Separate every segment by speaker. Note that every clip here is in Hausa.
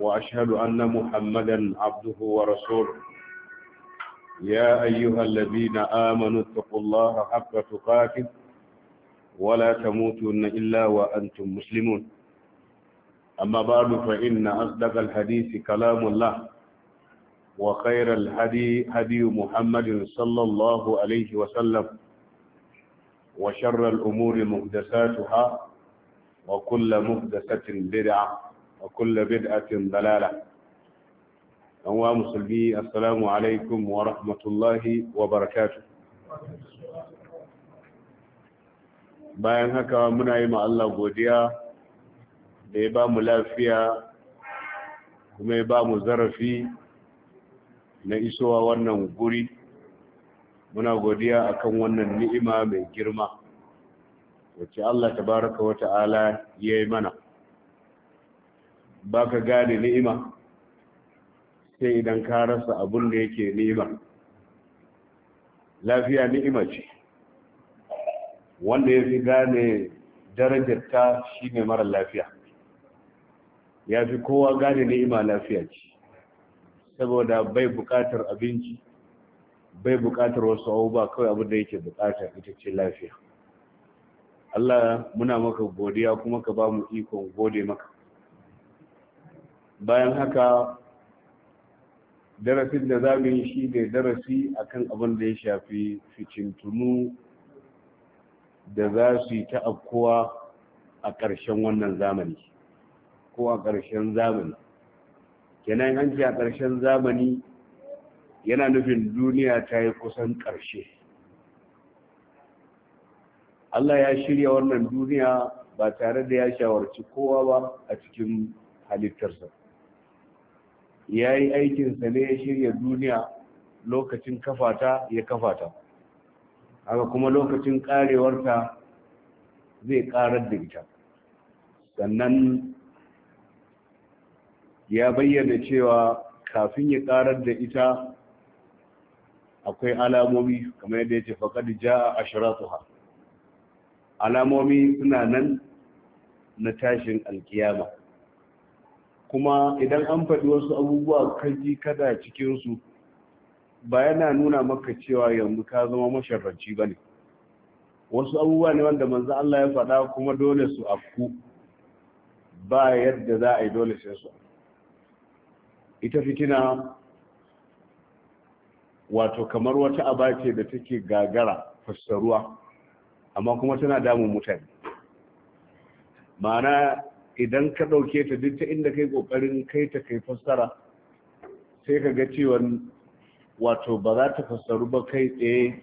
Speaker 1: وأشهد أن محمدا عبده ورسوله يا أيها الذين آمنوا اتقوا الله حق تقاته ولا تموتن إلا وأنتم مسلمون أما بعد فإن أصدق الحديث كلام الله وخير الهدي هدي محمد صلى الله عليه وسلم وشر الأمور محدثاتها وكل محدثة بدعة wa kulla bid'atin dalala an wa musulmi assalamu alaikum wa rahmatullahi wa barakatuh bayan haka muna yi ma Allah godiya da ya ba mu lafiya kuma ya ba mu zarafi na isowa wannan guri muna godiya akan wannan ni'ima mai girma wacce Allah tabaraka wa ta'ala ya yi mana ba ka gane ni'ima sai idan ka rasa abin da yake ni'ima lafiya ni'ima ce wanda ya fi gane darajar ta shi ne mara lafiya ya fi kowa gane ni'ima lafiya ce saboda bai bukatar abinci bai bukatar wasu abubuwa kawai abin da yake bukata ita ce lafiya Allah muna maka godiya kuma ka ba mu ikon gode maka bayan haka darasin da za mu yi shi ne darasi akan abin da ya shafi ficintunu da za su yi ta afkuwa a ƙarshen wannan zamani ko a ƙarshen zamani kenan an ce a ƙarshen zamani yana nufin duniya ta yi kusan ƙarshe Allah ya shirya wannan duniya ba tare da ya shawarci kowa ba a cikin halittarsa ya yi aikinsa ne ya shirya duniya lokacin kafata ya kafata haka kuma lokacin karewarta zai karar da ita sannan ya bayyana cewa kafin ya karar da ita akwai alamomi kamar yadda ya ce faƙad ja ashratuha alamomi suna nan na tashin alkiyama kuma idan an faɗi wasu abubuwa kaji kada cikinsu ba yana nuna maka cewa yanzu ka zama masharranci ba ne wasu abubuwa ne wanda manzan Allah ya faɗa kuma dole su afku ba yadda za a yi dole sai su ita fitina wato kamar wata abace da take gagara fassaruwa amma kuma tana damun mutane ma'ana idan ka ɗauke ta duk ta inda kai ƙoƙarin kai ta kai fassara sai ka ga cewa wato ba za ta fassaru ba kai tsaye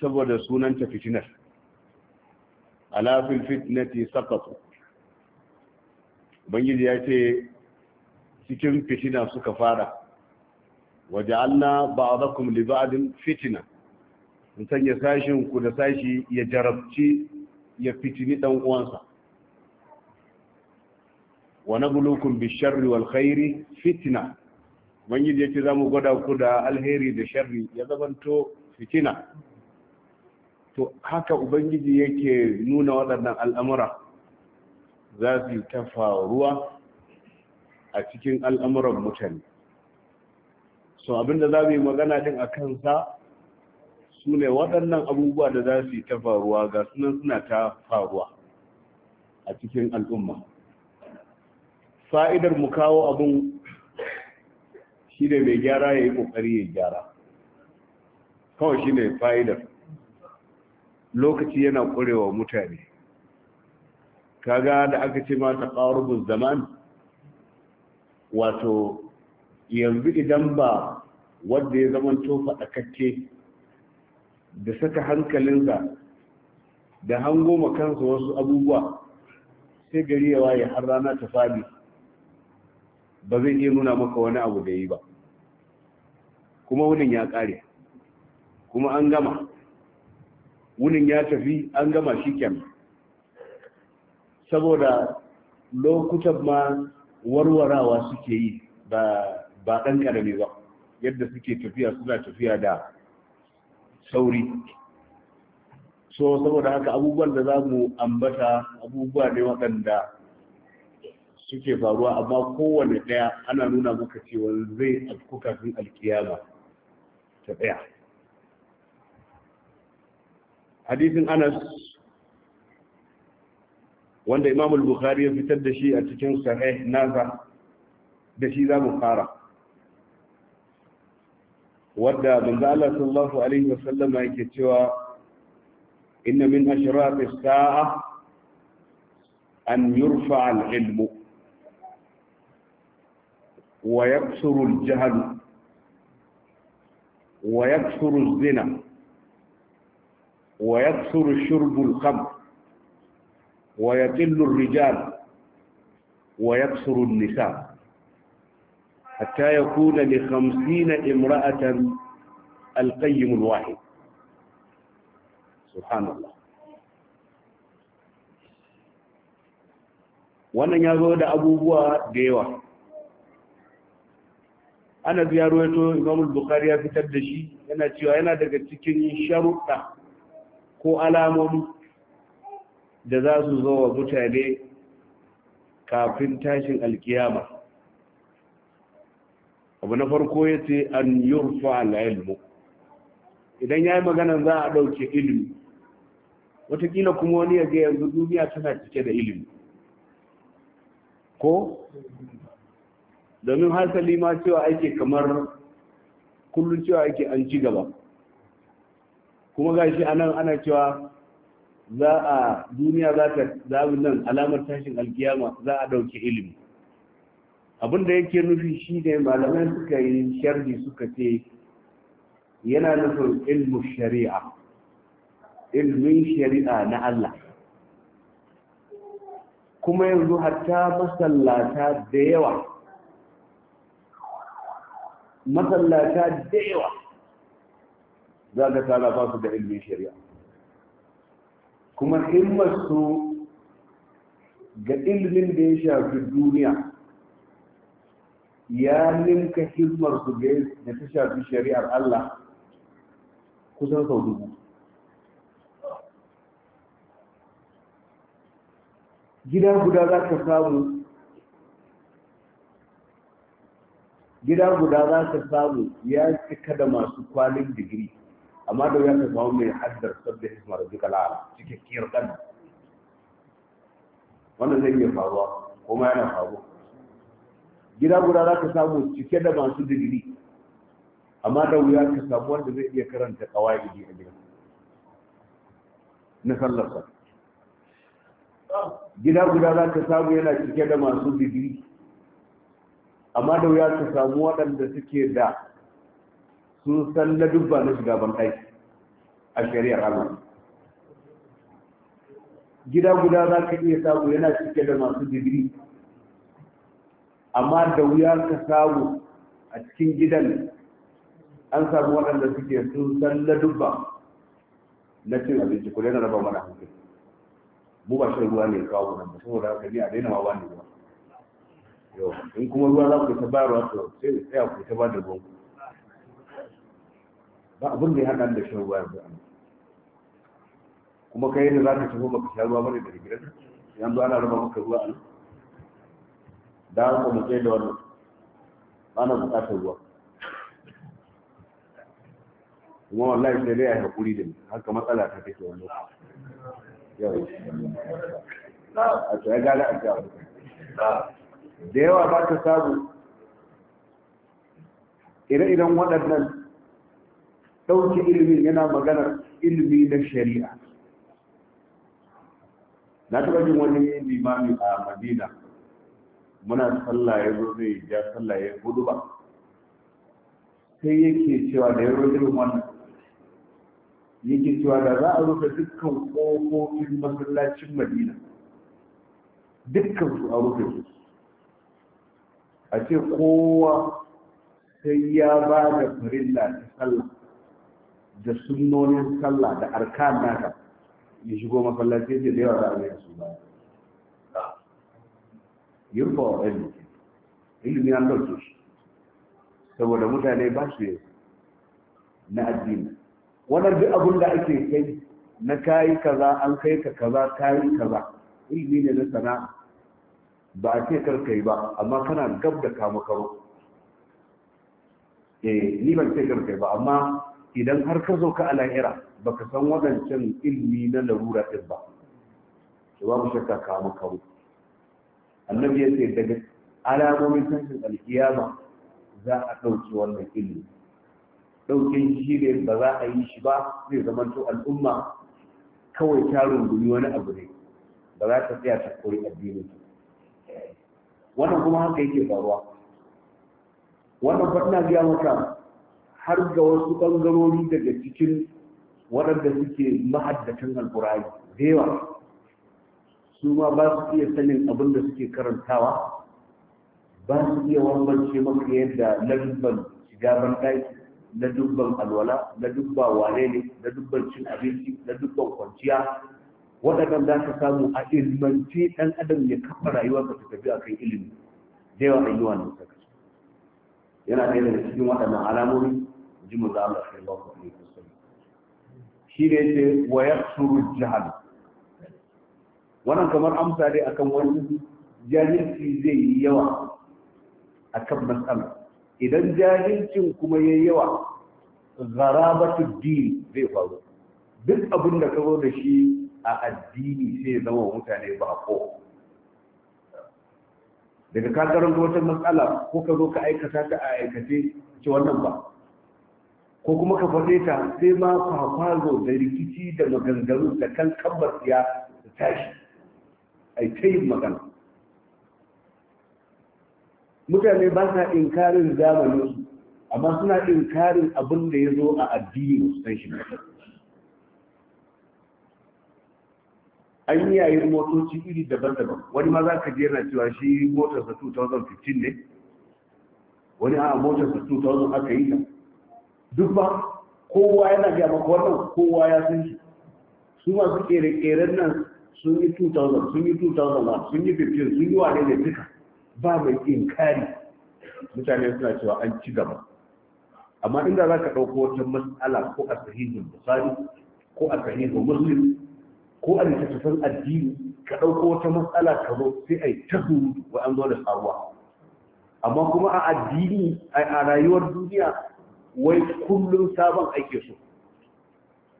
Speaker 1: saboda sunanta fitinar alafin fitnati sakatu bangiji ya ce cikin fitina suka fara waje allah ba a zakon liba'adin fitina in sanya sashin ku da sashi ya jarabci ya fitini ɗan uwansa wa nabluukum bish-sharri wal khairi fitna ubangiji yace zamu gwada ku da alheri da sharri ya zamanto fitina to haka ubangiji yake nuna waɗannan al'amura za su ta faruwa a cikin al'amuran mutane so abinda za mu yi magana din a kansa su ne waɗannan abubuwa da za su yi ta faruwa ga sunan suna ta faruwa a cikin al'umma fa'idar mu kawo abin shi ne mai gyara ya yi ƙoƙari ya gyara kawai shi ne fa'idar lokaci yana ƙurewa mutane kaga da aka ce mata ƙarubin zaman wato yanzu idan ba wadda ya zama tofa ɗakakke da saka hankalinsa da hango makansa wasu abubuwa sai gari ya waye har rana ta fadi ba zai iya nuna maka wani abu da yi ba kuma wunin ya kare kuma an gama wunin ya tafi an gama shi saboda lokutan ma warwarawa suke yi ba ɗan ƙarami ba yadda suke tafiya suna tafiya da sauri so saboda haka abubuwan da za mu ambata abubuwa ne waɗanda suke faruwa amma kowane ɗaya ana nuna maka cewa zai afku kafin alkiyama ta ɗaya hadisin anas wanda imam bukhari ya fitar da shi a cikin sahih nasa da shi za mu fara wadda manzo Allah sallallahu alaihi wasallam yake cewa inna min ashraqi saa an yurfa al-ilmu ويكثر الجهل ويكثر الزنا ويكثر شرب الخمر ويقل الرجال ويكثر النساء حتى يكون لخمسين امرأة القيم الواحد سبحان الله وانا يقول ابو بوا ديوه ana ya ruwaito imamul bukhari ya fitar da shi yana cewa yana daga cikin sharuɗa ko alamomi da za su zo wa mutane kafin tashin alkiyama abu na farko ya ce an yurfa al'ilmu idan ya yi magana za a ɗauke ilimi watakila kuma wani ya ga yanzu duniya tana cike da ilimi ko domin hasali ma cewa ake kamar kullum cewa ake an ci gaba kuma gashi anan ana cewa za a duniya za ta zaɓi nan alamar tashin alkiyama za a ɗauki ilimi abin da yake nufi shi ne malamai suka yi sharhi suka ce yana nufin ilmin shari'a ilmin shari'a na Allah kuma yanzu hatta masallata da yawa masallata da yawa za ka tara ba su da ilimin shari'a kuma himmarsu ga ilimin da ya shafi duniya ya ninka himmarsu da ta shafi shari'ar Allah kusan sau dubu gida guda za ka samu gida guda za ka samu ya cika da masu kwalin digiri amma da ya ka samu mai haddar sabda hisma da duka lara cikakkiyar kan wannan zai iya faruwa kuma yana faruwa gida guda za ka samu cike da masu digiri amma da wuya ka samu wanda zai iya karanta kawai a gida. na sallarsa gida guda za ka samu yana cike da masu digiri amma da wuya su samu waɗanda suke da sun san na dubba na shiga bankai a shari'ar Allah gida guda za ka iya samu yana cike da masu digiri amma da wuya ka samu a cikin gidan an samu waɗanda suke sun san na dubba na cin abinci kudai na raba mana hankali mu ba shan ruwa ne kawo nan ba saboda haka ni a daina ma wani ruwa in kuma ruwa za ku ta bayarwa to sai ku tsaya ku ta ba da ruwan ba abin da ya haɗa da shan ruwa yanzu kuma kai da za ka tafi baka sha ruwa bane da gidan yanzu ana raba maka ruwa a nan. da an mu tsaye da wannan ba na bukatar ruwa kuma wallahi sai dai a hakuri da ni haka matsala ta take wani yau a tsaye gada a jawo da yawa ba ta samu ire-iren waɗannan ɗauke ilimin yana magana ilimi na shari'a na taɓa jin wani limami a madina muna sallah ya zo zai ja sallah ya gudu ba sai yake cewa da ya rojin wannan yake cewa da za a rufe dukkan ƙofofin masallacin madina dukkan su a rufe su a ce kowa sai ya ba da farilla ta sallah da sunnonin sallah da arkan naka ya shigo masallaci ce da yawa za a yi su ba yurfa wa ilmi ilimin an dauke shi saboda mutane ba su yi na addini wannan duk abin da ake kai na kayi kaza an kai ka kaza kayi kaza Ilimi ne na sana'a ba a ce karkai ba amma kana gab da kama karo eh ni ban ce karkai ba amma idan har ka zo ka alahira baka san wadancan ilmi na larura din ba to babu shakka kama karo annabi ya ce daga alamomin tashin alkiyama za a ɗauki wannan ilmi ɗaukin shi ne ba za a yi shi ba zai zamanto al'umma kawai ta rungumi wani abu ne ba za ta tsaya ta koyi addinin wannan kuma haka yake faruwa wannan faɗina biya maka har ga wasu ɓangarori daga cikin waɗanda suke mahaddatan alkurari da yawa su ma ba su iya sanin abin da suke karantawa ba su iya wambance maka yadda dubban shiga banɗaki, na dubban alwala na dubban wane ne na dubban cin abinci na dubban kwanciya waɗannan za ka samu a ilmanci ɗan adam ya kafa rayuwa ka tafi a kan ilimi da yawa an yi wannan saka yana ɗaya daga cikin waɗannan alamomi ji mu za Allah sallallahu alaihi wasallam shi ne ce wa suru jahal wannan kamar amsa dai akan wani jahilci zai yi yawa kan matsala idan jahilcin kuma yayi yawa zarabatu din zai faru duk abin da ka zo da shi a addini sai zama mutane ba ko daga ka karanto wata matsala ko ka zo ka aikata ta a aikace ce wannan ba ko kuma ka faɗe ta sai ma kwakwazo da rikici da maganganu da kan kambar siya tashi a ta yin magana mutane ba sa inkarin zamaninsu amma suna inkarin abin da ya zo a addini su san shi an yi yayin motoci iri daban-daban wani ma za ka je yana cewa shi motar sa 2015 ne wani a motar sa 2000 aka yi ta duk ba kowa yana ga maka wannan kowa ya san shi su masu kere-keren nan sun yi 2000 sun yi 2001 sun yi 15 sun yi wane ne duka ba mai inkari mutane suna cewa an ci gaba amma inda za ka ɗauko wata mas'ala ko a sahihin bukari ko a sahihin muslim ko a littattafan addini ka ɗauko wata matsala ka zo sai a yi ta hudu wa an zo da sabuwa amma kuma a addini a rayuwar duniya wai kullum sabon ake so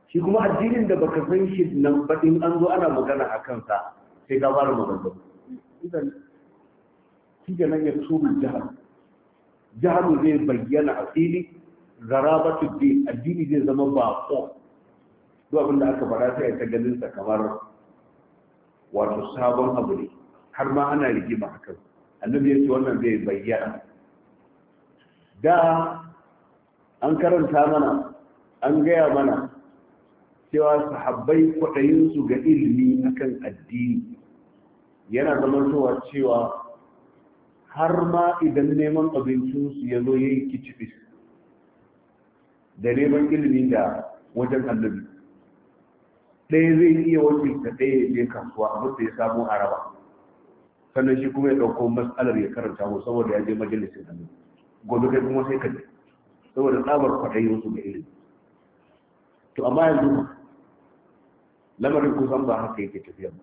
Speaker 1: shi kuma addinin da baka san shi nan baɗin an zo ana magana a kansa sai ka fara magana idan shi ga nan ya turu jihar jihar zai bayyana a fili zarabatu addini zai zama baƙo duk abin da aka fara sai ta ganinsa kamar wato sabon abu ne har ma ana rigima hakan annabi ya ce wannan zai bayyana da an karanta mana an gaya mana cewa sahabbai kwaɗayinsu ga ilimi akan addini yana zamantowa cewa har ma idan neman abincinsu ya zo ya yi da neman ilimi da wajen annabi ɗaya zai iya wakilta ɗaya ya je kasuwa a da ya samu a raba sannan shi kuma ya ɗauko matsalar ya karanta mu saboda ya je majalisin hannu gobe kai kuma sai ka je saboda tsabar kwaɗayi wasu da ilimi to amma yanzu lamarin kusan ba haka yake tafiya ba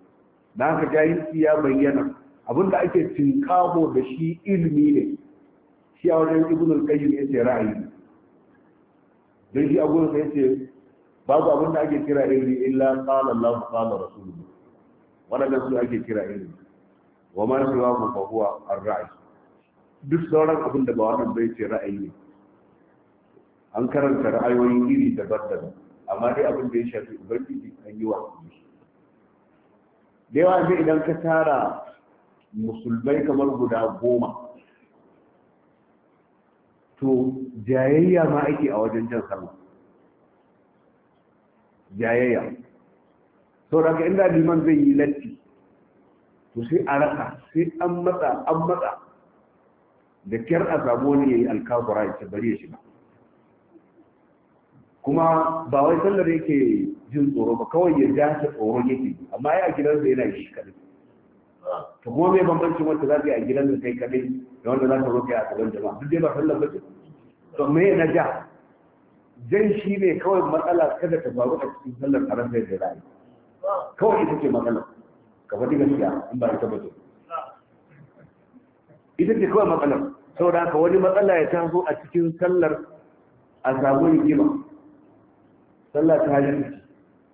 Speaker 1: na haka jahilci ya bayyana abin da ake tinkamo da shi ilimi ne shi a wajen ibnul al-qayyim yace ra'ayi dan shi a gurin sa yace babu abin da ake kira ilmi illa qala Allahu qala rasuluhu wannan su ake kira ilmi wa ma siwahu fa huwa ar-ra'i duk sauran abin da ba wannan bai ce ra'ayi ne an karanta ra'ayoyi iri daban-daban amma dai abin da ya shafi ubangiji an yi wa da yawa ne idan ka tara musulmai kamar guda goma to jayayya ma ake a wajen jan sama jayayya sau da inda liman zai yi latti to sai a rasa sai an matsa an matsa da kyar a samu wani ya yi alkafura ya bari ya shiga kuma ba wai sallar yake jin tsoro ba kawai ya ja ta tsoro yake amma ya a gidansa yana yi shi kadai To kuma mai bambancin wanda za ta yi a gidansa kai kadai da wanda za ta zo kai a gaban jama'a duk dai ba sallar ba ce to me na ja jan shi ne kawai matsala kada ta faru a cikin sallar haram da zai kawai ita ce matsala ka faɗi gaskiya in ba ita ba ce ita ce kawai matsalar saboda haka wani matsala ya taso a cikin sallar a samu rigima sallar ta hajji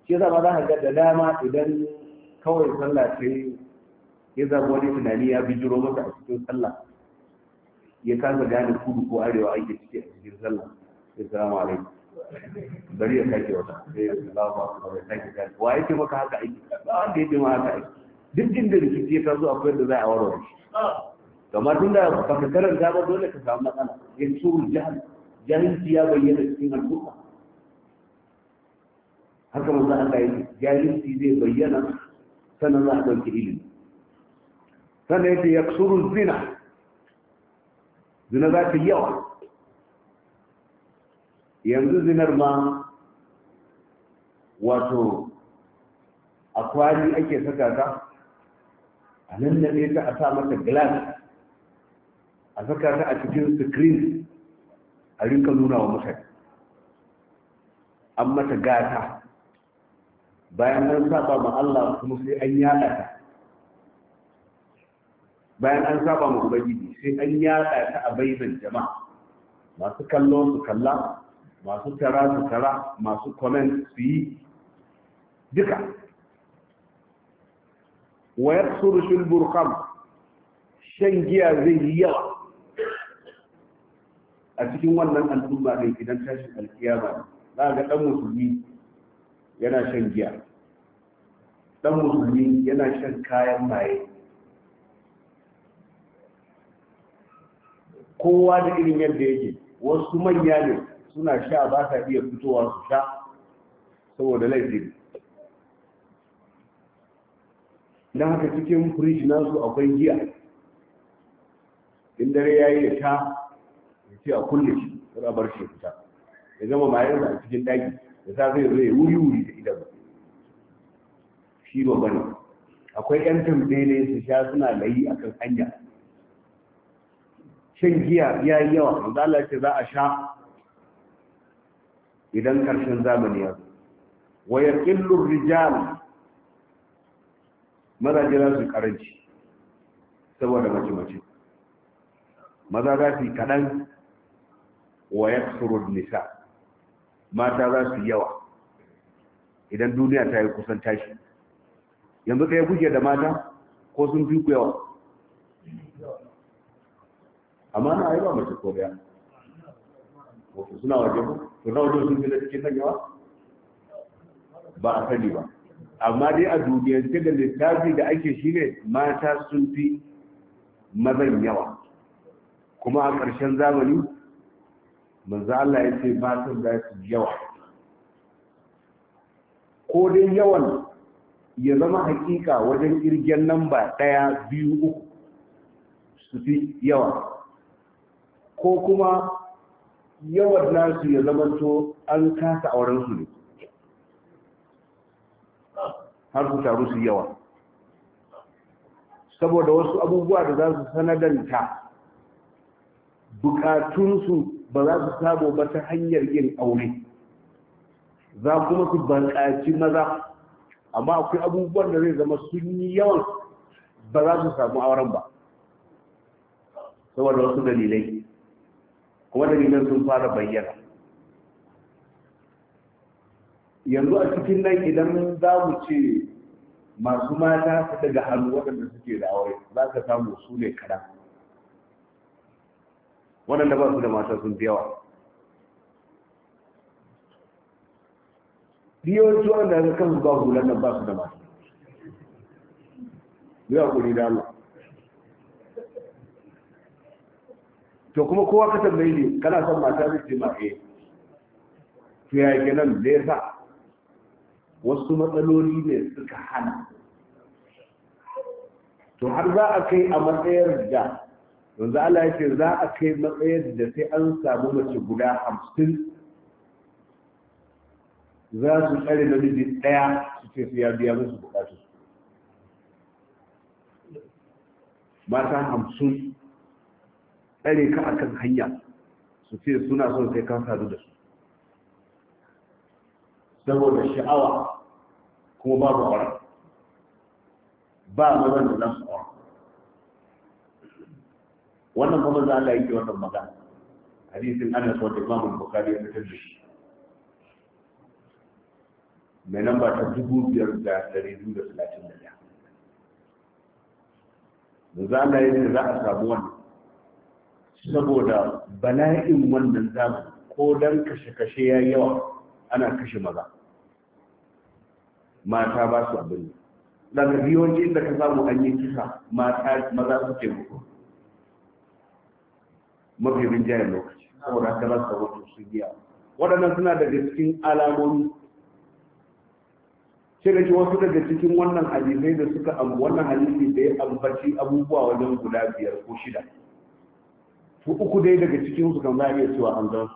Speaker 1: shi yasa ba za ka ga da dama idan kawai sallah ta yi ya zama wani tunani ya bijiro masa a cikin sallah ya kasa gane kudu ko arewa ake a cikin sallah assalamu alaikum bari ya sake wata sai eh, Allahu akbar ya sake kai wa yake maka haka aiki ba wanda yake ma haka aiki duk inda rikici ya zo akwai da za a warware shi kamar tunda baka karanta ba dole ka samu matsala ya suru jahil jahilci ya bayyana cikin al'umma haka manzo Allah yake jahilci zai bayyana sannan za a ɗauki ilimi sannan yake yaksuru zina zina za ta yawa yanzu zinar ma wato a kwali ake saka ta a nan da ta a sa mata glass a saka ta a cikin screen a rinka nuna wa mutane an mata gata bayan an saba ma Allah kuma sai an yada ta bayan an saba ma ubangiji sai an yada ta a bainar jama'a masu kallo su kalla masu tara su tara masu comment su yi duka wayar surushin burkam shan giya zai yi yawa a cikin wannan al'umma ne idan tashin alkiyama za ga dan musulmi yana shan giya dan musulmi yana shan kayan maye kowa da irin yadda yake wasu manya ne suna sha ba sa iya fitowa su sha saboda laifin na haka cikin firij nasu akwai giya in dare ya yi ya sha ya ce a kulle shi a bar shi fita ya zama mayar a cikin daki da safe ya zai wuri wuri da idan shi ba bane akwai yan tambele su sha suna layi akan hanya shan giya ya yi yawa manzo za a sha idan karshen zamani ya zo waya yaqillu rijal mazaje za su karanci saboda mace mace maza za su kadan wa yaksuru nisa mata za su yawa idan duniya ta yi kusan tashi yanzu kai guje da mata ko sun fi ku yawa amma na ai ba mace ko daya wato suna waje ku to nawa wajen sun fita cikin nan yawa ba a sani ba amma dai a duniyance da littafi da ake shi ne mata sun fi mazan yawa kuma a ƙarshen zamani manzo Allah ya ce matan za su yawa ko dai yawan ya zama hakika wajen kirgen namba ɗaya biyu uku su fi yawa ko kuma yawan nasu ya zamanto an kasa wurin su ne har ku taru su yawa saboda wasu abubuwa da za su sanadanta bukatunsu ba za su sabo ba ta hanyar yin aure za kuma su bankaci maza amma akwai abubuwan da zai zama sun yi yawan ba za su samu auren ba saboda wasu dalilai kuma dalilan sun fara bayyana yanzu a cikin nan idan za mu ce masu mata su daga hannu waɗanda suke da aure za ka samu su ne kaɗan waɗanda ba su da mata sun fi yawa da ya kan ba hulan da ba su da mata. Zuwa kuri da Allah. to kuma kowa ka tambaye ne kana son mata su ce ma eh. to ya ke nan me yasa wasu matsaloli ne suka hana to har za a kai a matsayar da yanzu Allah ya ce za a kai matsayar da sai an samu mace guda hamsin za su tsare namiji ɗaya su ce su ya biya musu bukatu mata hamsin tsare ka akan hanya su ce suna son sai kan sadu da su saboda sha'awa kuma babu aure ba mazan da za su aure wannan kuma za Allah yake wannan magana hadisin ana Anas wa Imam Bukhari ya fitar da shi mai namba ta dubu biyar da ɗari biyu da talatin da ɗaya da za Allah da za a samu wannan saboda bala'in wannan zamu ko dan kashe-kashe ya yawa ana kashe maza mata ba su abin daga yawanci inda ka samu an yi kisa mata maza suke mutu mafi rinjayen lokaci
Speaker 2: saboda haka za su wato
Speaker 1: su biya waɗannan suna daga cikin alamomi sai da wasu daga cikin wannan hadisai da suka wannan hadisi da ya ambaci abubuwa wajen guda biyar ko shida to uku dai daga cikin su kan za iya cewa an su.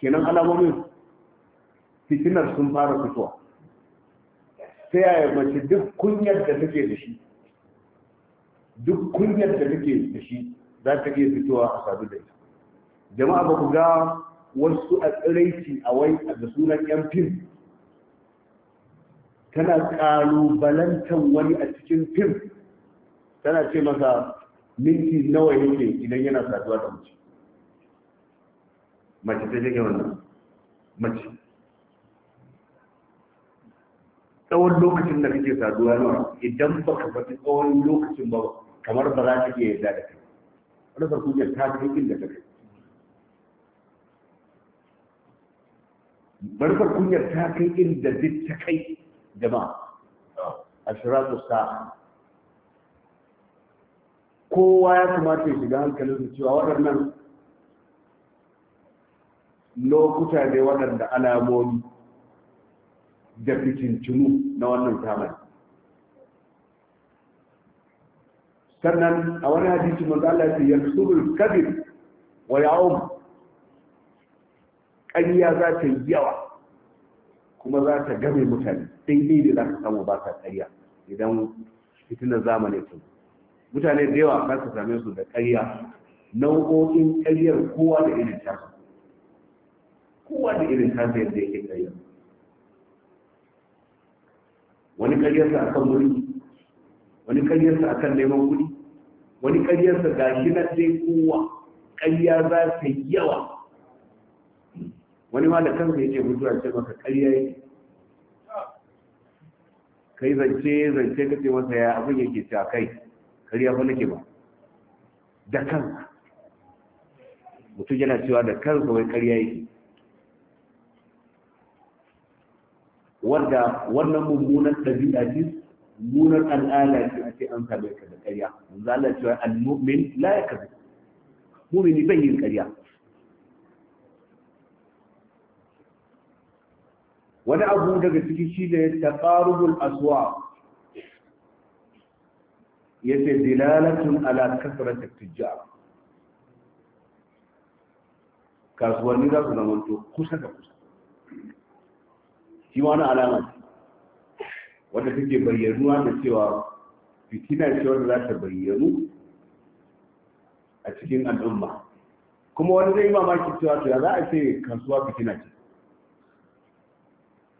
Speaker 1: kenan alamomin fitinar sun fara fitowa ta yaya mace duk kunyar da take da shi duk kunyar da take da shi za ta iya fitowa a sadu da ita jama'a ba ku ga wasu a tsiraici a wai da sunan yan fim tana kalubalantar wani a cikin fim tana ce masa minti nawa yake idan yana saduwa da mace mace ta take wannan mace tsawon lokacin da kake saduwa nawa idan ba ka faɗi tsawon lokacin ba kamar ba za ka iya yarda da kai rasar kujar ta kai inda ta kai barbar kunyar ta kai inda duk ta kai jama'a ashiratu sa'a kowa ya kamata ya shiga hankalin su cewa waɗannan lokuta ne waɗanda alamomi da fitincinu na wannan zamani sannan a wani hadisi manzo Allah ya ce yaksubul kabir wa ya'um ƙarya za ta yi yawa kuma za ta game mutane daidai da za ka samu ba ta ƙarya idan fitinar zamani ta mutane da yawa za ka same su da ƙarya nau'o'in ƙaryar kowa da irin tasa kowa da irin tasa yadda yake ƙarya wani ƙaryarsa a kan wuri wani karyarsa a kan neman kuɗi wani karyarsa ga shi na sai kowa ƙarya za su yawa wani ma da kansa yake mutuwa ce maka ƙarya yake kai zance zance kake masa ya abin yake a kai kariya ba nake ba da kanka. mutum yana cewa da kanka wai kariya yake wanda wannan mummunan ɗabi'a ce munar al'ada ce a ce an same ka da kariya yanzu Allah cewa al-mu'min la yakzib mu'mini bai yin kariya wani abu daga ciki shi ne taqarubul aswa yace dilalatun ala kasrat tijjar kasuwanni za su zama to kusa da kusa shi wani alama wanda take bayyanuwa da cewa fitina ce wanda za ta bayyanu a cikin al'umma kuma wani zai mamaki cewa to za a ce kasuwa fitina ce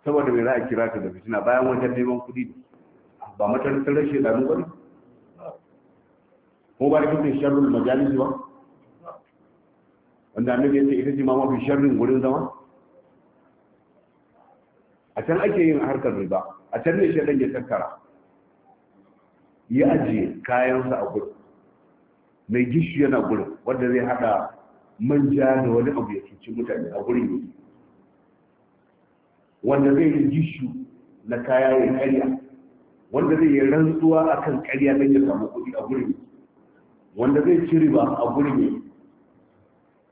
Speaker 1: saboda mai za a kira ta da fitina bayan wajen neman kuɗi ba matan rashin lamu ba ko ba da kake sharrul majalisi ba wanda annabi ya ce ita ce ma mafi sharrin gurin zama a can ake yin harkar riba a can ne shaɗan ya tattara ya ajiye kayansa a gurin mai gishi yana gurin wanda zai hada manja da wani abu ya cuci mutane a gurin yi wanda zai yi gishu na kaya ya karya wanda zai yi rantsuwa a kan karya don ya samu kuɗi a gurin wanda zai ci riba a gurin yake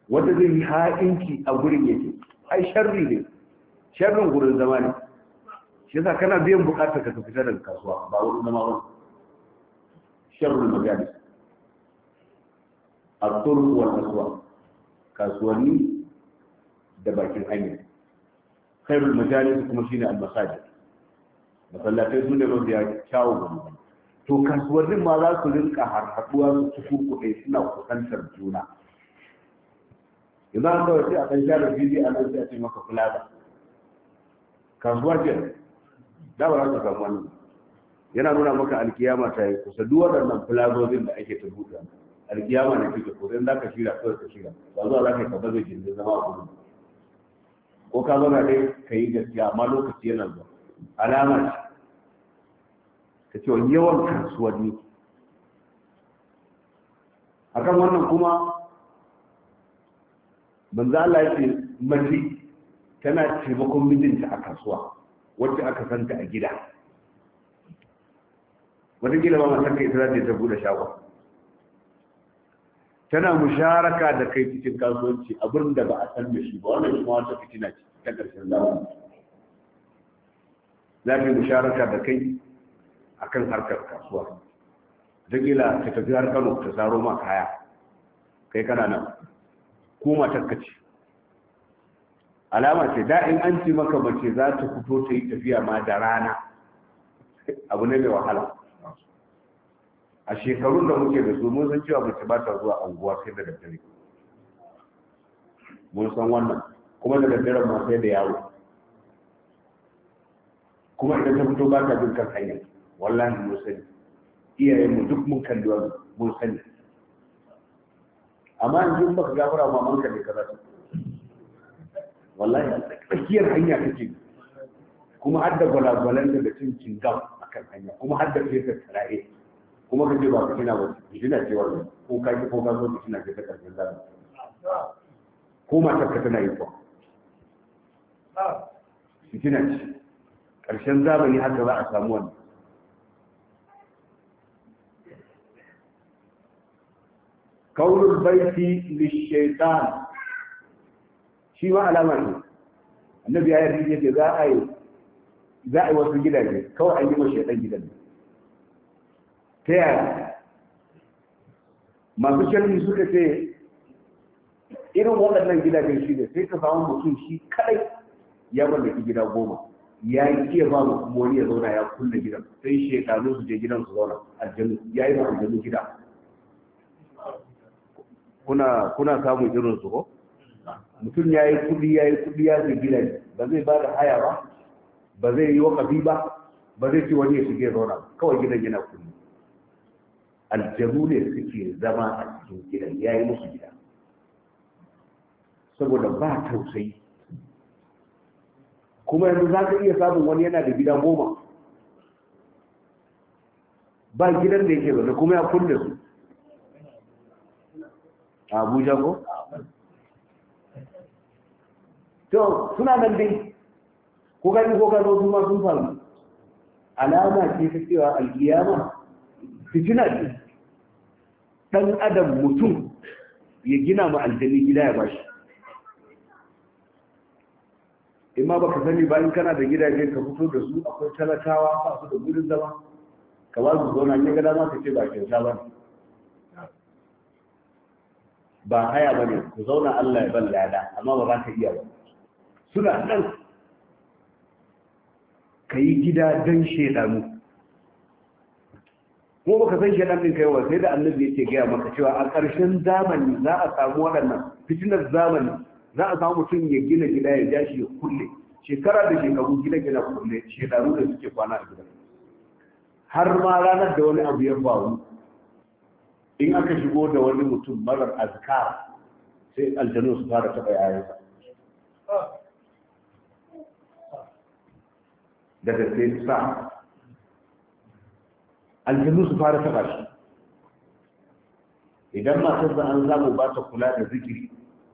Speaker 1: wanda zai yi ha'inki a gurin yake ai sharri ne sharrin gurin zama ne shi yasa kana biyan bukatar ka tafi daga kasuwa ba wurin zama ba sharrin magani a turuwar kasuwa kasuwanni da bakin hanyar khairul majalis kuma shine al-masajid masallatai sune ne ba ya kyawu ba mutane to kasuwannin ma za su rinka harhaɗuwa su ci kurkuɗe suna kusantar juna idan kawai sai a kan share fili a nan sai a ce maka plaza kasuwa ke da ba za ka samu wannan yana nuna maka alkiyama ta yi kusa duk waɗannan plazozin da ake ta buɗe alkiyama na kike ko in za ka shira kawai ka shira ba zuwa za ka yi ka baza gindin zama a gudu ko ka zauna dai ka yi gaskiya amma lokaci yana zuwa alama ce ce wani yawan A kan wannan kuma banza Allah ya ce mace tana taimakon mijinta a kasuwa wacce aka santa a gida wataƙila ba masu kai tana ce ta buɗe shagon tana musharaka da kai cikin kasuwanci abin da ba a san da shi ba wannan kuma wata fitina ce ta ƙarshen zamani za yi musharaka da kai akan harkar kasuwa dakila ta tafi har kano ta saro ma kaya kai kana nan ko mata ka ce alama ce da in an ce maka mace za ta fito ta yi tafiya ma da rana abu ne mai wahala a shekarun da muke da su mun san cewa mace ba ta zuwa anguwa sai da daddare mun san wannan kuma da daddare ma sai da yawo kuma idan ta fito ba ta bin kan hanyar wallahi mun sani iyaye mu duk mun kalli wani mun sani amma in in baka gafara ma manka ne kaza wallahi tsakiyar hanya kake kuma har da gwalagwalan da da cin cingam a kan hanya kuma har da fesa taraye kuma kace ba ka kina ba kina ce wannan ko ka ki ko ka zo kina ce ta karshen zama ko matar ka na yi ko kina ce karshen zamani haka za a samu wannan kaunul baiti lishaitan shi ma alama ne annabi ya yi ce za a yi za a yi wasu gidaje kawai an yi wa shaitan gidan ta yaya masu sharri suka ce irin waɗannan gidajen shi ne sai ka samu mutum shi kadai ya mallaki gida goma ya yi iya ba mu kuma wani ya zauna ya kunna gidan sai shekaru su je gidan su zauna aljanu ya yi ma aljanu gida kuna kuna samun irin su ko mutum ya yi kudi ya yi kudi ya zai gina ba zai ba da haya ba ba zai yi wakafi ba ba zai ci wani ya shige zauna kawai gidan yana kudi aljanu ne suke zama a cikin gidan ya yi musu gida saboda ba tausayi kuma yanzu za ka iya samun wani yana da gida goma ba gidan da yake zaune kuma ya kulle su abuja ko to suna nan dai ko gani ko gano su ma sun faru alama ce ta cewa alkiyama fitina ce dan adam mutum ya gina ma aljani gida ya bashi Ima ba baka sani ba in kana da gidaje ka fito da su akwai talakawa ba su da gurin zama ka ba su zauna ne gada dama ka ce ba kyauta ba ne ba haya ba ne ku zauna Allah ya ban lada amma ba za ka iya ba suna nan ka yi gida don shaidanu ko baka san shaidan ɗin kaiwa sai da annabi yake gaya maka cewa a ƙarshen zamani za a samu waɗannan fitinar zamani za a samu mutum ya gina gida ya jashi ya kulle shekara da shekaru gina gina kulle shaidanu da suke kwana a gida har ma ranar da wani abu ya faru in aka shigo da wani mutum marar azkar sai aljanu su fara taɓa yayansa daga sai sa aljanu su fara taɓa shi idan matar da an zamu ba ta kula da zikiri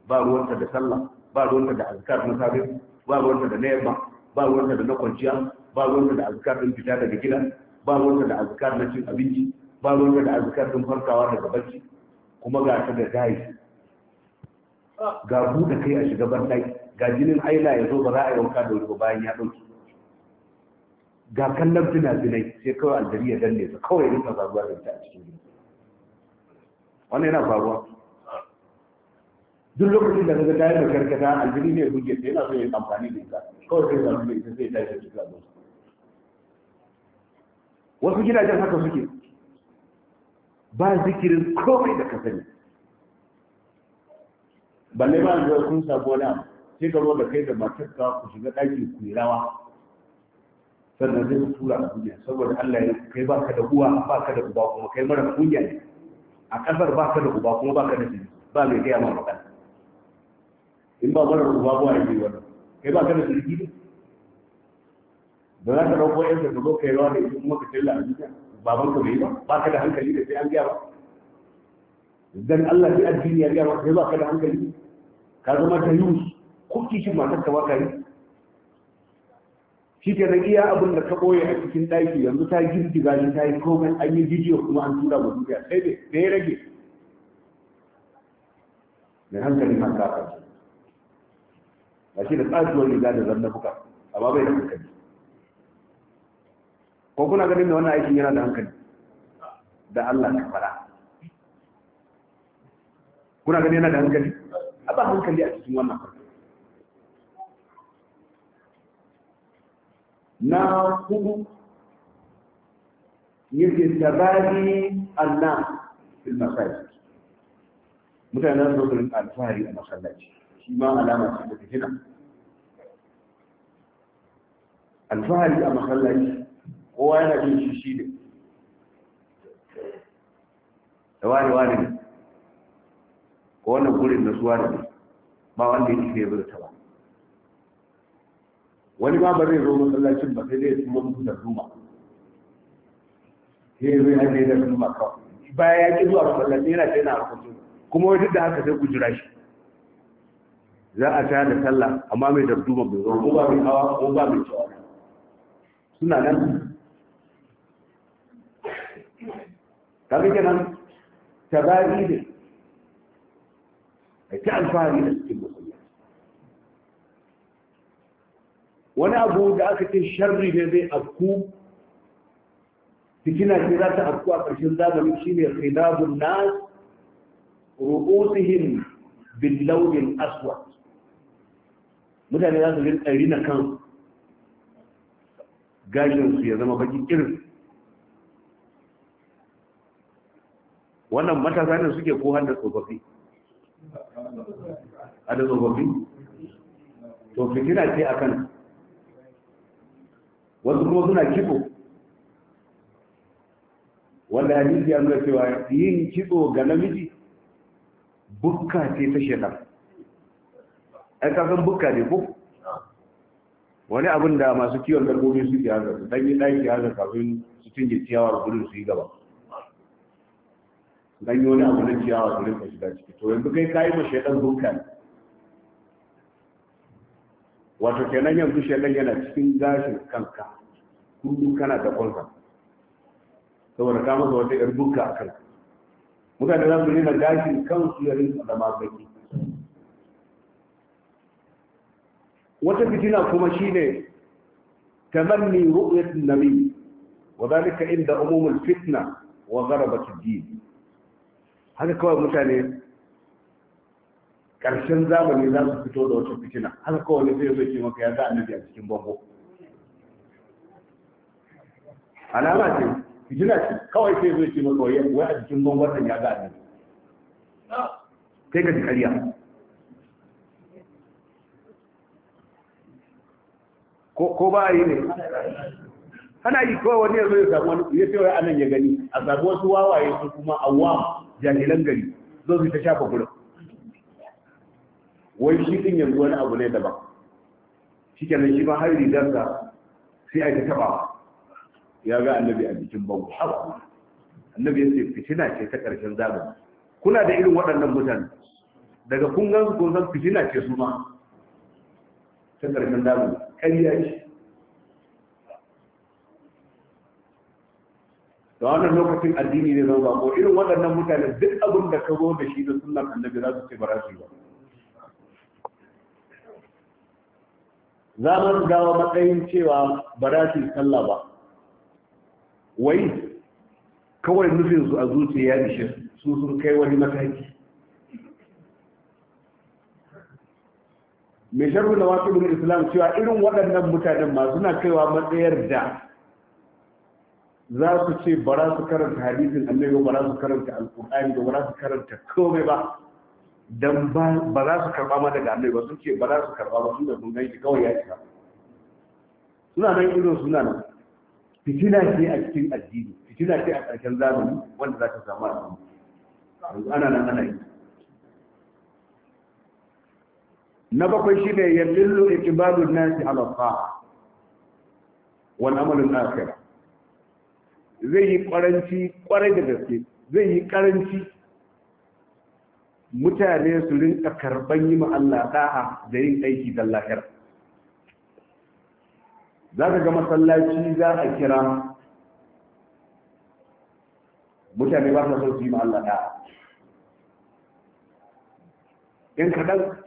Speaker 1: ba ruwanta da sallah ba ruwanta da azkar na safe ba ruwanta da na ba ruwanta da na kwanciya ba ruwanta da azkar din fita daga gida ba ruwanta da azkar na cin abinci ba ruwan da azkar din farkawa daga bacci kuma ga ta da dai ga da kai a shiga bandai, ga jinin aila ya zo ba za a yi wanka da wuri bayan ya ɗauki ga kallon fina-finai sai kawai aljari ya danne su kawai rinka faruwa da ita a cikin gida wannan yana faruwa duk lokacin da kaga tayar da karkata aljiri ne buge sai yana so ya amfani da ita kawai sai zamu da ita sai ta shi cikin wasu gidajen haka suke ba zikirin komai da ka sani
Speaker 2: balle ba da
Speaker 1: kun sabo da sai ka da kai da matarka ku shiga ɗaki ku yi rawa sannan zai ku tura a duniya saboda Allah ya kai ba ka da uwa ba ka da uba kuma kai mara kunya ne a ƙasar ba ka da uba kuma ba ka da jini ba mai gaya ma magana in ba mara uba ba ya yi wannan kai ba ka da jirgi ne da za ka ɗauko yadda ka zo kai rawa ne, kuma ka tilla a duniya baban ka bai ba ba ka da hankali da sai an gyara ba dan Allah ya addini ya gyara ba sai ba ka da hankali ka zama ta yi ko kishin matar ka ba ka yi shi kenan iya abin da ka ɓoye a cikin ɗaki yanzu ta girgi gani ta yi komai an yi bidiyo kuma an tura wa duniya sai dai sai ya rage mai hankali na ka ba shi da tsajiyar riga da zanna buka amma bai da hankali ko kuna ganin da wannan aikin yana da hankali da Allah ka fara kuna ganin yana da hankali a ba hankali a cikin wannan na hudu yake tabari anna fil masajid mutane za su rinka alfahari a masallaci shi ma alama ce da fitina alfahari a masallaci kowa yana jin shi shi ne da wani wani ne ko wannan gurin na suwa ne ba wanda yake ke bar ta ba wani ba bari zo masallacin ba sai dai su mun da ruma sai zai hade da ma kawai baya ya ki zuwa masallaci yana ce na harkokin kuma wajen da haka sai ku jira shi za a tsaya da sallah amma mai dabduma bai zo ko ba mai hawa ko ba mai cewa suna nan kaga kenan tabari ne ai ta alfahari da cikin mutum wani abu da aka ce sharri ne zai afku cikin ake za ta afku a ƙarshen zamani shine khilabun nas ru'usihim bil launin aswad mutane za su rinka rina kan gashin su ya zama baki irin wannan matasa ne suke ko har da tsofaffi a da tsofaffi to fitina ce a kan wasu kuma suna kitso wanda hadisi ya nuna cewa yin kitso ga namiji bukka ce ta shekar ai kasan bukka ne ko wani abin da masu kiwon dabbobi suke hanzarta su yi ɗaki hanzarta kafin su cinye ciyawa gudun su yi gaba dan yi wani abu na ciyawa su rinka shiga ciki to yanzu kai kayi ma shaidan hukka wato kenan yanzu shaidan yana cikin gashin kanka kullum kana da kwanza saboda ka masa wata yar dukka a kanka mutane za su nuna gashin kansu ya rinka zama baki wata fitina kuma shine tamanni ru'yat nabi wa dhalika inda umumul fitna wa gharabat ad-din haka kawai mutane ƙarshen zamani za su fito da wata fitina haka kawai ne zai zai ce maka ya za nufi a cikin bango alama ce fitina ce kawai sai zai ce maka wai a cikin bango wannan ya ga annabi sai ka ji ƙarya ko ba a yi ne ana yi kawai wani yanzu ya samu wani ya ce wai anan ya gani a samu wasu wawaye su kuma awam jahilan gari zo su ta shafa gurin wai shi din yanzu wani abu ne daban shi kenan shi ma har rigarsa sai a ta taba ya ga annabi a jikin bango haka. annabi ya ce fitina ce ta ƙarshen zamani kuna da irin waɗannan mutane daga kun gan kun san fitina ce su ma ta ƙarshen zamani ƙarya ce da wannan lokacin addini ne zama ko irin waɗannan mutane duk abin da ka zo da shi da sunna annabi za su ce ba su yi ba za mu gawa matsayin cewa ba za su yi sallah ba wai kawai nufin su a zuciya ya ishe su sun kai wani mataki mai sharhu da wasu islam cewa irin waɗannan mutanen ma suna kaiwa matsayar da za su ce ba za su karanta hadisin annabi ba za su karanta alkur'ani ba za su karanta komai ba dan ba za su karba ma daga annabi ba sun ce ba za su karba ba tunda sun ganki kawai ya shiga suna nan irin suna nan fitina ce a cikin addini fitina ce a ƙarshen zamani wanda za ta samu al'umma yanzu ana nan ana yi na bakwai shine yadillu iqbalun nasi ala sa'a wal amalu al-akhirah zai yi ƙwaranci ƙwarai da gaske zai yi ƙaranci mutane su rinka karɓar yi Allah ɗaha da yin aiki don lahira za ka ga masallaci za a kira mutane ba son su yi Allah ɗaha in kaɗan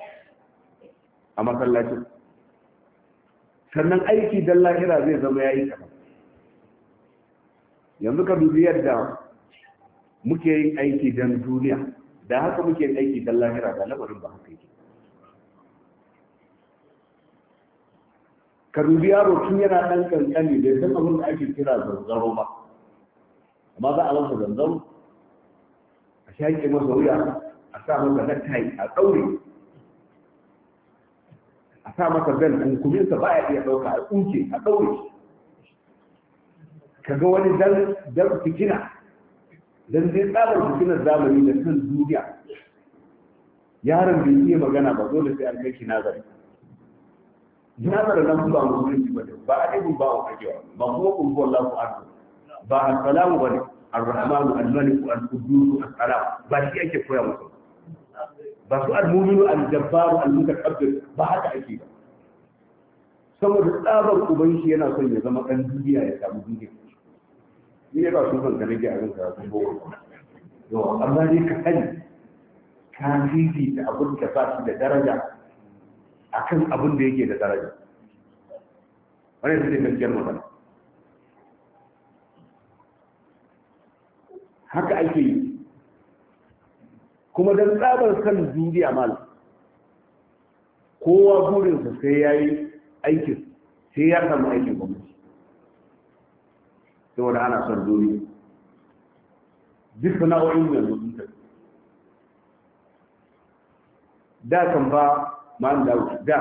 Speaker 1: a masallacin sannan aiki don lahira zai zama ya yi kamar yanzu ka dubi yadda muke yin aiki don duniya da haka muke yin aiki don lahira da lamarin ba haka yake ka dubi yaro tun yana ɗan kankani da san abin da ake kira zanzaro ba amma za a masa zanzaro a shaƙe masa wuya a sa masa nattai a ɗaure a sa masa bel kunkuminsa ba ya iya ɗauka a tsuke a ɗaure ka ga wani dan fitina dan zai tsabar fitinar zamani da kan duniya yaron bai iya magana ba dole sai an kai shi nazari nazarin nan ba ne ba ba adibin ba wa kajewa ba kuma kun Allah ku arzu ba assalamu ba ne al qudus al assalam ba shi ake koya musu ba su al-jabbar al-mutakabbir ba haka ake ba saboda tsabar uban shi yana son ya zama dan duniya ya samu duniya ni ba su zan nake a zan karatun boko yawa amma dai ka sani ka da abin da ba su da daraja a kan abin da yake da daraja wani ita ce gaskiyar magana haka ake yi kuma don tsabar kan duniya mal kowa burinsa sai ya yi aikin sai ya samu aikin gwamnati saboda ana son duniya duk sana'o'in yanzu sun tafi da kan ba ma'an da da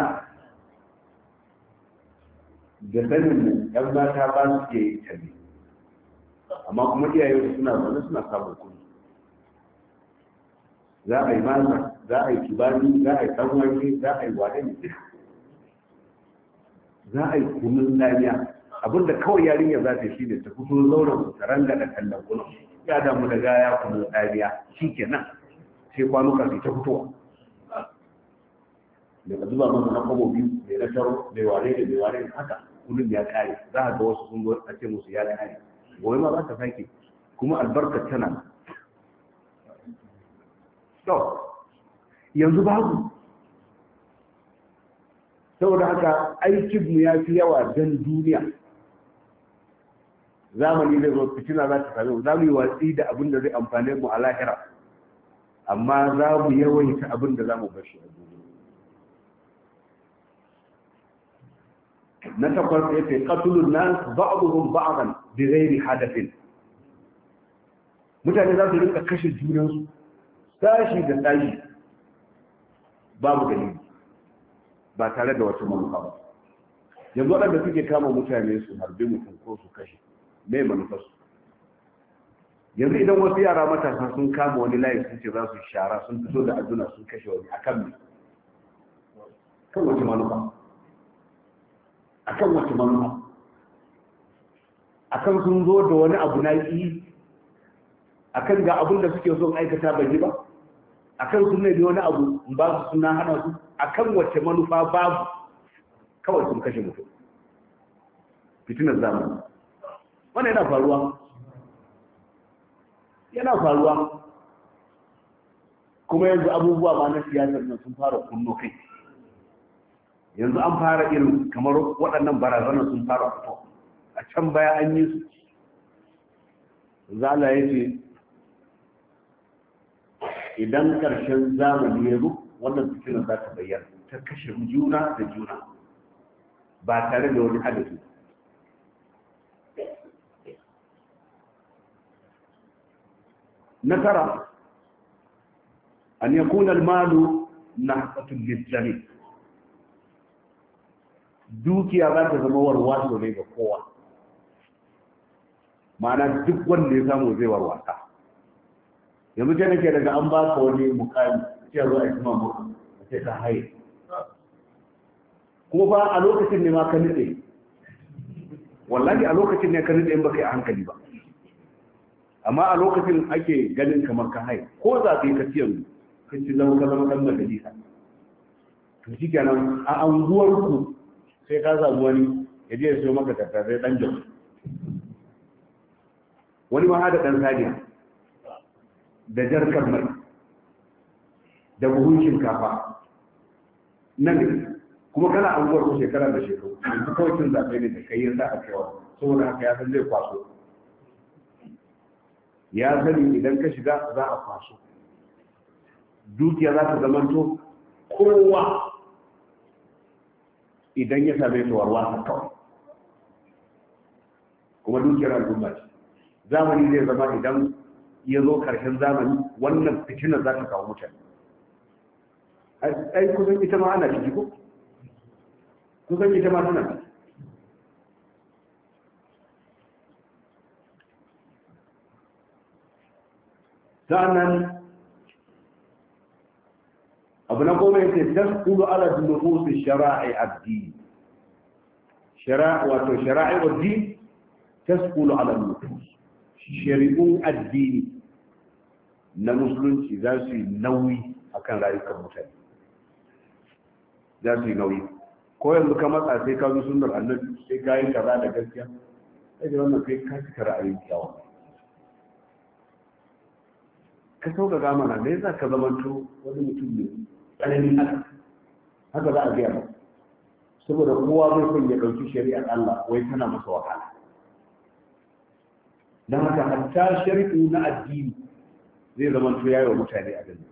Speaker 1: da sanin nan yan mata ba su ke yi tabi amma kuma iyayen suna zaune suna samun kuɗi za a yi mana za a yi kibani za a yi tsawon za a yi waɗe za a yi kunun lamiya abinda kawai yarinya za ta shi ne ta fito zauren su taran da kallon kuna ya damu da gaya kuma dariya shi kenan sai kwanuka su ta fitowa daga zuba mana na kwabo biyu mai na taro mai ware da mai ware haka kudin ya kare za a ga wasu sun zo a ce musu ya kare gobe ma za ta sake kuma albarkar tana to yanzu babu saboda haka aikin mu ya fi yawa don duniya zamani zai zo fitina za ta same za mu yi watsi da abin da zai amfane mu a lahira amma za mu yawaita abin da za mu bar shi a duniya na takwas ya ce katulun nan ba'aduhun ba'adan bi ghairi hadafin mutane za su rinka kashe junansu tashi da tashi babu dalili ba tare da wata manufa ba yanzu waɗanda suke kama mutane su harbi mutum ko su kashe mai manufarsu yanzu idan wasu yara matasa sun kama wani layi sun ce za su shara sun fito da aduna, sun kashe wani akan mai kan wace manufa akan wace manufa akan sun zo da wani abu na yi akan ga abun da suke son aikata bai yi ba akan sun ne wani abu ba su suna hana su akan wace manufa babu kawai sun kashe mutum fitinar zamani wannan yana faruwa yana faruwa kuma yanzu abubuwa ba na siyasar nan sun fara kunno kai yanzu an fara irin kamar waɗannan barazanar sun fara fito a can baya an yi su zala ya ce idan ƙarshen zamani ya zo wannan fitinar za ta bayyana ta kashe juna da juna ba tare da wani ba na tara an yakuna almalu nahqatun liljami dukiya za ta zama warwaso ne ga kowa ma'ana duk wanda ya samu zai warwasa yanzu ke nake daga an ba wani mukami ce zo a isma a ce ka haye ko ba a lokacin ne ma ka nitse wallahi a lokacin ne ka nitse in baka yi hankali ba amma a lokacin ake ganin kamar ka hai ko za ka yi ka mu ka ci zama ka zama ɗan majalisa to shi kenan a ku sai ka samu wani ya je ya siyo maka tattarai ɗan jos wani ma hada ɗan saniya da jarkar mai da buhun shinkafa nan kuma kana anguwar ku shekara da shekaru yanzu kawai cin zaɓe ne da kai ya sa a cewa saboda haka ya san zai kwaso ya sani idan ka shiga za a kwaso dukiya za ta to kowa idan ya same ta ta kawai kuma dukiyar al'umma ce zamani zai zama idan ya zo karshen zamani wannan fitinar za ta kawo mutane ai kusan ita ma ana ciki ko kusan ita ma tana sa'annan abu na goma yake tasulu ala nufusi shara'i addi shara'i wato shara'i addi tasulu ala nufus shari'un addini na musulunci za su yi nauyi a kan rayukan mutane za su yi nauyi ko yanzu ka matsa sai ka zo sunnar annabi sai ka yi kaza da gaskiya sai da wannan kai ka cika ra'ayin kyawawa ka sauƙaƙa mana da yasa ka to wani mutum ne tsananin haka haka za a biya ba saboda kowa mai son ya ɗauki shari'ar Allah wai tana masa wahala don haka hatta shari'u na addini zai zama to yayi wa mutane a gani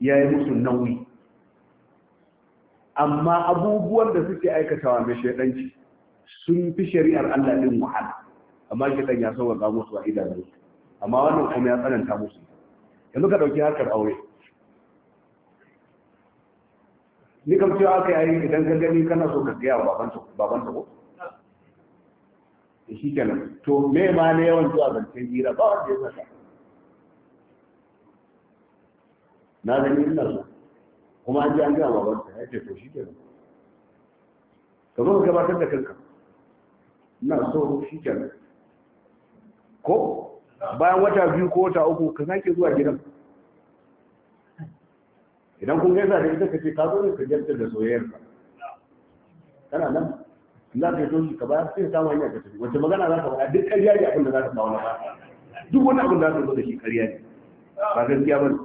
Speaker 1: yi musu nauyi amma abubuwan da suke aikatawa mai shaidanci sun fi shari'ar Allah din wahala amma shaidan ya sauka musu a idanun amma wannan kuma ya tsananta musu yanzu ka ɗauki harkar aure ni kam cewa aka yayi idan ka gani kana so ka gaya wa baban ta ko da shi kenan to me ma ne yawan zuwa zancen hira ba wanda ya saka na gani ina so kuma an ji an gaya baban ta ya ce to shi kenan ka zo ka gabatar da kanka ina so shi kenan ko bayan wata biyu ko wata uku ka sake zuwa gidan
Speaker 2: idan kun gaisa da
Speaker 1: ita ka ce ka zo ne ka jarta da soyayyarka kana nan Allah ka zo ka ba sai ta wani ka tafi wace magana za ka faɗa duk ƙarya ne abin da za ka ba wani duk wani abin da za ka zo da shi ƙarya ne ba gaskiya ba ne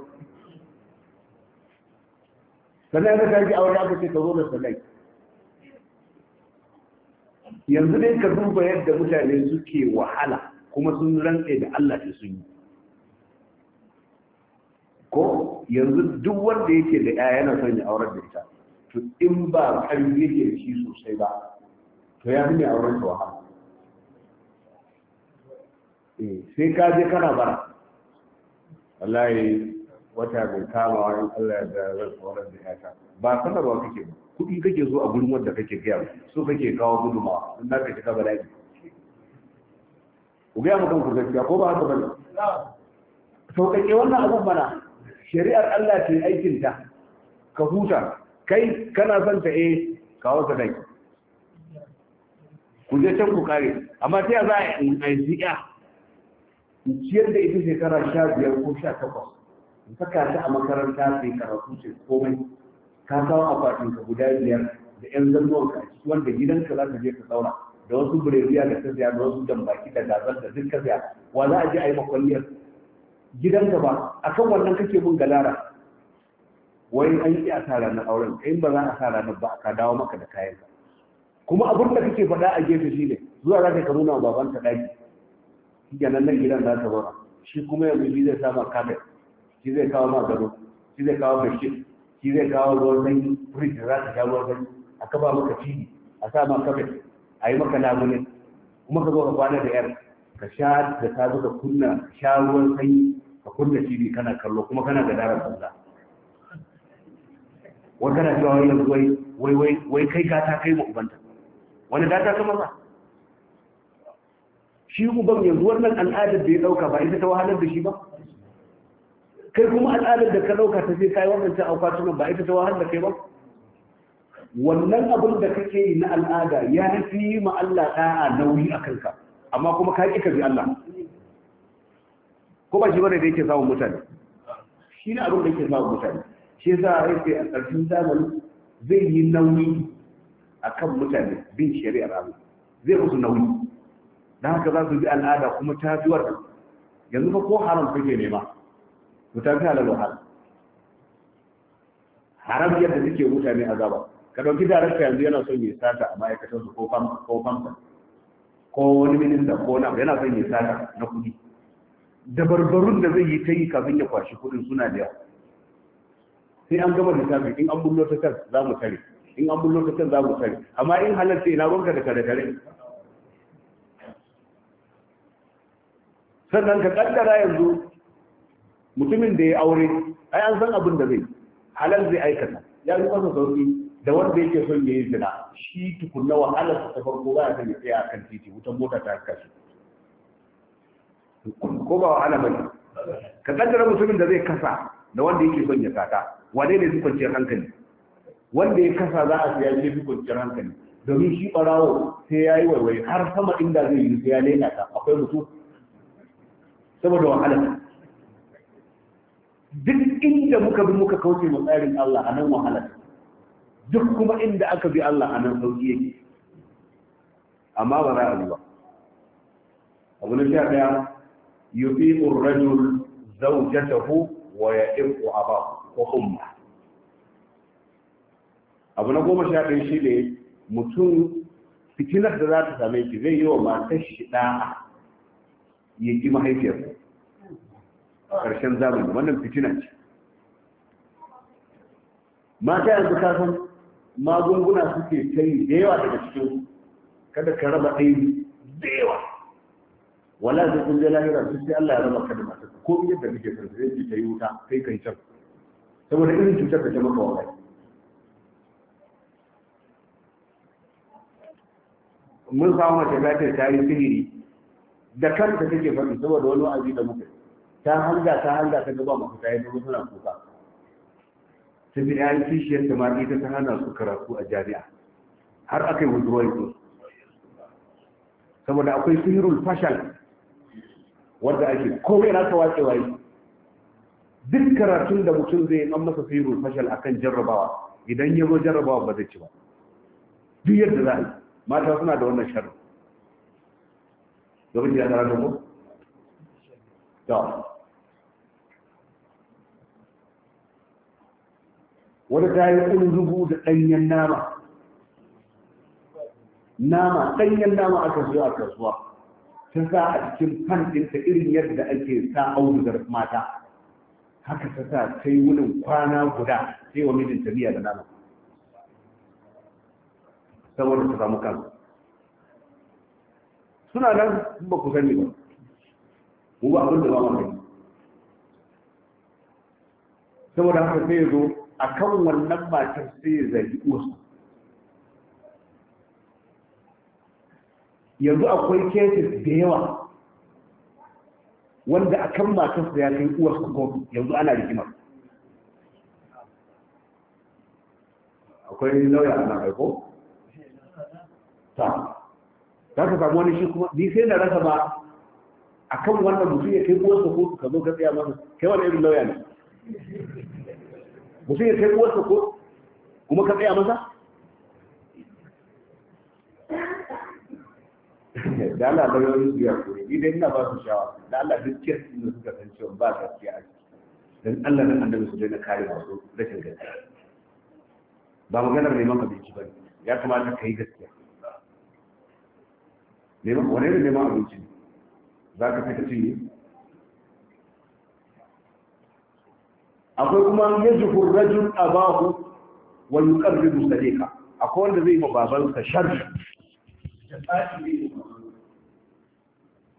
Speaker 1: sannan ka a aure aka ce ka zo da sallai yanzu dai ka duba yadda mutane suke wahala kuma sun rantse da Allah Ta sun yi ko yanzu duk wanda yake da ya yana son ya aurar da ita to in ba kan yake da shi sosai ba to ya fi auren ta wahala eh, sai ka je kana bara wallahi wata mai kamawa in Allah ya da zan aurar da ta. ba sanarwa kake ba kuɗi kake so a gurin wanda kake gaya so kake kawo gudumawa in za ka bala'i ku gaya mutum ku gaskiya ko ba haka bane sauƙaƙe wannan abun mana shari'ar Allah ce aikin ta ka huta kai kana son ta eh kawo ta dai ku je can ku kare amma sai za a yi in ciyar da ita shekara sha biyar ko sha takwas in saka ta a makaranta sai karatu ce komai ka kawo akwatin ka guda biyar da yan zannuwanka a ciki wanda gidanka za ka je ka saura da wasu burebiya da ta da wasu jambaki da gazar da duk ka wa za a je a yi makwalliyar gidanka ba akan wannan kake mun galara wai an yi asara na auren in ba za a sa ranar ba ka dawo maka da kayan ka kuma abin da kake faɗa a gefe shi ne zuwa za ka nuna wa babanka ɗaki yanan nan gidan za ta zauna shi kuma yanzu shi zai sama kabel shi zai kawo ma gado shi zai kawo bashir shi zai kawo ruwan sanyi fridge za ta sha ruwan sanyi a kafa maka cibi a sa ma kabel a yi maka labule kuma ka zo ka kwana da yar ka sha da ta zo ka kunna ka sha ruwan sanyi ka kunna tv kana kallo kuma kana da darar sanda wani kana cewa wani yanzu wai wai wai kai ka ta kai ma ubanta wani da ta kama ba shi uban yanzu wannan al'adar da ya dauka ba ita ta wahalar da shi ba kai kuma al'adar da ka dauka ta sai kai wannan ta auka ba ita ta wahalar da kai ba wannan abin da kake yi na al'ada ya fi ma Allah da'a nauyi a kanka amma kuma ka ƙi bi Allah ko ba shi bane da yake samun mutane shi ne abin da yake samun mutane shi yasa yake a ƙarfin zamani zai yi nauyi a kan mutane bin shari'ar Allah zai musu nauyi dan haka za su bi al'ada kuma tafiwar yanzu fa ko haram kake nema to ta fi halal haram haram yadda suke mutane azaba ka ɗauki darakta yanzu yana son ya sata a ma'aikatar su ko famfa ko wani minista ko na yana son ya sata na kuɗi dabarbarun da zai yi ta yi kafin ya kwashi kuɗin suna da yawa sai an gama tafi in an bullo ta kan za mu tare in an bullo ta kan za mu tare amma in halarta ina ruwanka da kare kare sannan ka kaddara yanzu mutumin da ya aure ai an san abin da zai halal zai aikata ya yi kwasa sauki da wanda yake son ya yi zina shi tukunna wahalar ta farko ba ya san ya a kan titi wutan mota ta kashe ko ba wahala ba ne ka kaddara mutumin da zai kasa da wanda yake son ya kata wane ne zukon kwanciyar hankali wanda ya kasa za a siya shi zukon kwanciyar hankali domin shi barawo sai ya yi waiwai har sama inda zai yi sai ya lena ta akwai mutu saboda wahala duk inda muka bi muka kauce mu tsarin Allah a nan wahala duk kuma inda aka bi Allah a nan sauki yake amma ba za a ba abu na sha daya yufi urrajul zaujatahu wa ya'iqu aba ko umma abu na goma sha ɗaya shi ne mutum fitinar da za ta same shi zai yi wa matar shi ɗa'a ya ƙi mahaifiyarsa ƙarshen zamani wannan fitinar ce mata yanzu ta san magunguna suke kai da yawa daga cikin kada ka raba ɗaya da yawa wala zai kun je lahira su sai Allah ya raba ka da masu ko yadda kake son sai ki tayi wuta kai kai can saboda irin cutar da ta maka wa mun samu mace za ta ta yi sihiri da kanta take faɗi saboda wani wa'azi da muka ta hanga ta hanga ta gaba masu ta yi suna kuka bi ya kishiyar da ma ta hana su karatu a jami'a har aka yi wuzuwa yi saboda akwai sihirul fashal wanda ake kome na ta wace waye duk karatun da mutum zai an masa sihirul fashal akan jarrabawa idan ya zo jarrabawa ba zai ci ba duk yadda za a yi mata suna da wannan sharri lokacin da ta ranar mu? Wani ta yi rubu da ɗanyen nama nama ɗanyen nama aka zo a kasuwa ta sa a cikin fan ɗinta irin yadda ake sa audugar mata haka ta sa ta yi wunin kwana guda sai wa mijinta miya da nama saboda ta samu kansu suna nan ba ku sani ba mu ba abin da ba mu saboda haka sai ya zo a kan wannan matar sai ya zagi uwarsa yanzu akwai kesis da yawa wanda a kan matarsa ya kai uwarsa ko yanzu ana rigimar akwai lauya ana aiko? ta za ka samu wani shi kuma ni sai na rasa ba a kan wannan mutum ya kai uwarsa ko ka zo ka tsaya masa kai wani irin lauya ne mutum ya kai uwarsa ko kuma ka tsaya masa da Allah da yawon su ya ni dai ina ba su shawa da Allah duk kiyar da suka san cewa ba gaskiya a ciki dan Allah na annabi su daina kare masu rashin gaskiya ba maganar neman abinci ba ya kamata ka yi gaskiya neman wani ne neman abinci za ka fita cinye akwai kuma yajhur rajul abahu wa yuqarribu sadiqa akwai wanda zai wa babansa sharri da tsaki